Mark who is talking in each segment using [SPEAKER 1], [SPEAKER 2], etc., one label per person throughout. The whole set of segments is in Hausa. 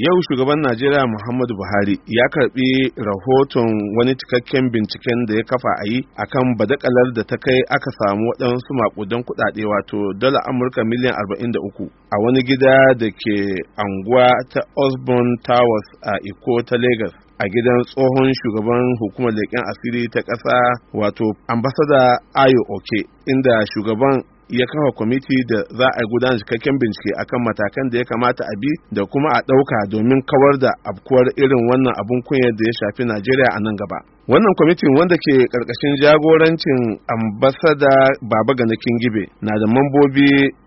[SPEAKER 1] yau shugaban najeriya muhammadu buhari ya karbi rahoton wani cikakken binciken da ya kafa a yi akan badakalar da ta kai aka samu waɗansu makudan kuɗaɗe wato dala amurka miliyan 43 a wani gida da ke anguwa ta Osborn towers a iko ta lagos a gidan tsohon shugaban hukumar leƙen asiri ta ƙasa wato ambasada ayo oke inda shugaban ya kafa kwamiti da za a gudanar cikakken bincike akan matakan da ya kamata a bi da kuma a ɗauka domin kawar da abkuwar irin wannan abun kunya da ya shafi najeriya a nan gaba wannan kwamitin wanda ke karkashin jagorancin ambasada baba Ganakin Gibe, na da mambobi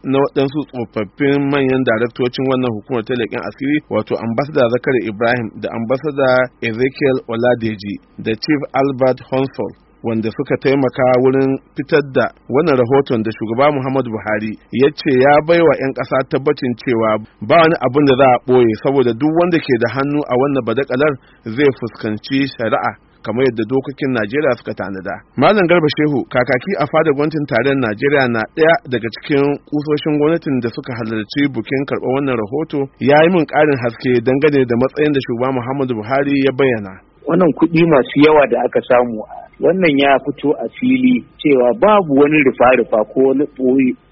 [SPEAKER 1] na waɗansu tsofaffin manyan daraktocin wannan hukumar ta leƙen asiri wato ambasada zakari ibrahim da ambasada ezekiel oladeji da chief albert honsol wanda suka taimaka wurin fitar da wannan rahoton da shugaba Muhammadu Buhari ya ce ya baiwa 'yan ƙasa tabbacin cewa ba wani abin da za a ɓoye saboda duk wanda ke da hannu a wannan badakalar zai fuskanci shari'a kamar yadda dokokin Najeriya suka tanada. Malam Garba Shehu kakaki a fadar gwamnatin tarayyar Najeriya na ɗaya daga cikin kusoshin gwamnatin da suka halarci bukin karɓar wannan rahoto ya yi min ƙarin haske dangane da matsayin da shugaba Muhammadu Buhari ya bayyana. wannan kuɗi masu yawa da aka samu
[SPEAKER 2] wannan ya fito a fili cewa babu wani rufa-rufa ko wani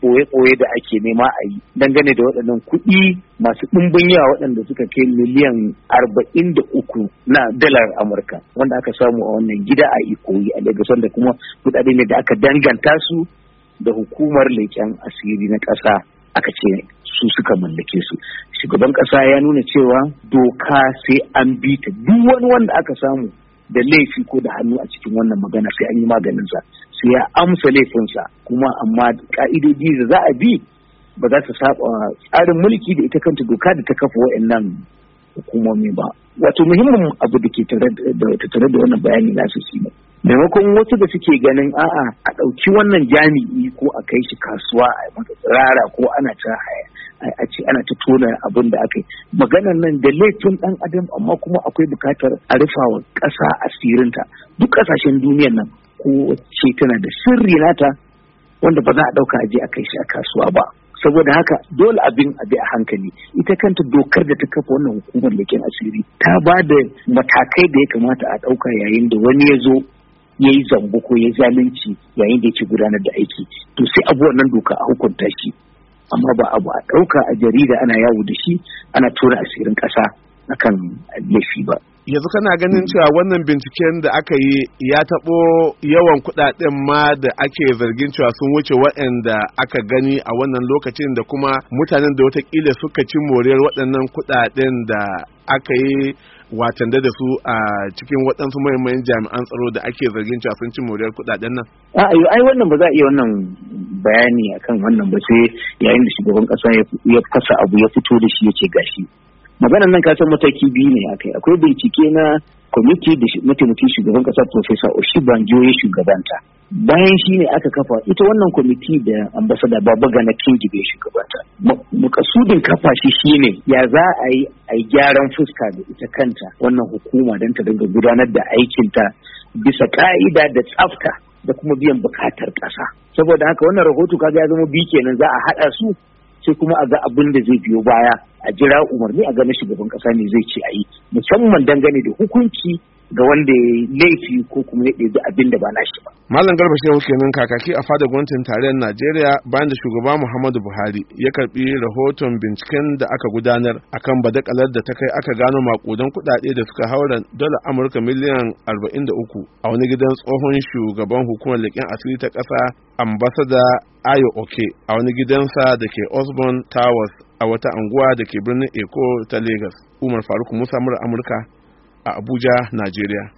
[SPEAKER 2] ɓoye-ɓoye da ake nema a yi dangane da waɗannan kuɗi masu ɗumbin yawa waɗanda suka kai miliyan arba'in da uku na dalar amurka wanda aka samu a wannan gida a ikoyi a lagos da kuma kuɗaɗe ne da aka danganta su da hukumar leken asiri na ƙasa aka ce su suka mallake su shugaban kasa ya nuna cewa doka sai an bi ta duk wani wanda aka samu da laifi ko da hannu a cikin wannan magana sai an yi maganin sa sai ya amsa laifin sa. kuma amma ka'idodi da za a bi ba za su saba tsarin mulki da ita kanta doka da ta kafa wa'annan hukumomi ba wato muhimmin abu da ke tattare da wannan bayani na su shi maimakon wasu da suke ganin a'a a ɗauki wannan jami'i ko a kai shi kasuwa a mata ko ana ta haya a ce ana ta tona abin da aka yi maganar nan da laifin dan adam amma kuma akwai bukatar a wa ƙasa asirinta duk ƙasashen duniyar nan Ko wacce tana da sirri nata wanda ba za a ɗauka aje a kai shi a kasuwa ba saboda haka dole abin a bi a hankali ita kanta dokar da ta kafa wannan hukumar leken asiri ta ba da matakai da ya kamata a ɗauka yayin da wani ya zo ya yi zambo ko ya zalunci yayin da yake gudanar da aiki to sai abuwan nan doka a hukunta shi amma ba abu a ɗauka a jarida ana yawo da shi ana tura asirin ƙasa akan laifi ba
[SPEAKER 1] yanzu kana ganin cewa wannan binciken da aka yi ya taɓo yawan kuɗaɗen ma da ake zargin cewa sun wuce waɗanda aka gani a wannan lokacin da kuma mutanen da watakila suka ci moriyar waɗannan kuɗaɗen da aka yi watanda da su a cikin waɗansu mahimman jami'an tsaro da ake zargin cewa sun ci moriyar kuɗaɗen nan? ayo ai wannan ba za a iya wannan
[SPEAKER 2] bayani akan wannan ba sai yayin da shugaban kasa ya fasa abu ya fito da shi ya ce gashi maganar nan kasan mataki biyu ne akai akwai bincike na kwamiti da mataimakin shugaban kasa profesa oshibanjo ya shugabanta bayan shi ne aka kafa ita wannan kwamiti da ambasada baba gana kingi bai shugabanta makasudin kafa shi ne ya za a yi a gyaran fuska da ita kanta wannan hukuma don ta dinga gudanar da aikinta bisa ka'ida da tsafta da kuma biyan bukatar ƙasa saboda haka wannan rahoto kaga ya zama biyu kenan za a haɗa su sai kuma a ga abin da zai biyo baya a jira umarni a ganin shugaban ƙasa ne zai ce a yi musamman dangane da hukunci ga wanda ya laifi ko kuma ya ɗebi abin da ba shi ba.
[SPEAKER 1] Malam Garba Shehu kenan kakaki a fada gwamnatin tarayyar Najeriya bayan da shugaba Muhammadu Buhari ya karbi rahoton binciken da aka gudanar akan badakalar da ta kai aka gano makudan kuɗaɗe da suka haura dala Amurka miliyan arba'in da uku. a wani gidan tsohon shugaban hukumar leƙen asiri ta ƙasa ambasada Ayo Oke a wani gidansa da ke Osborn Towers a wata anguwa da ke birnin Eko ta Lagos. Umar Faruk Musa Amurka a Abuja, Najeriya.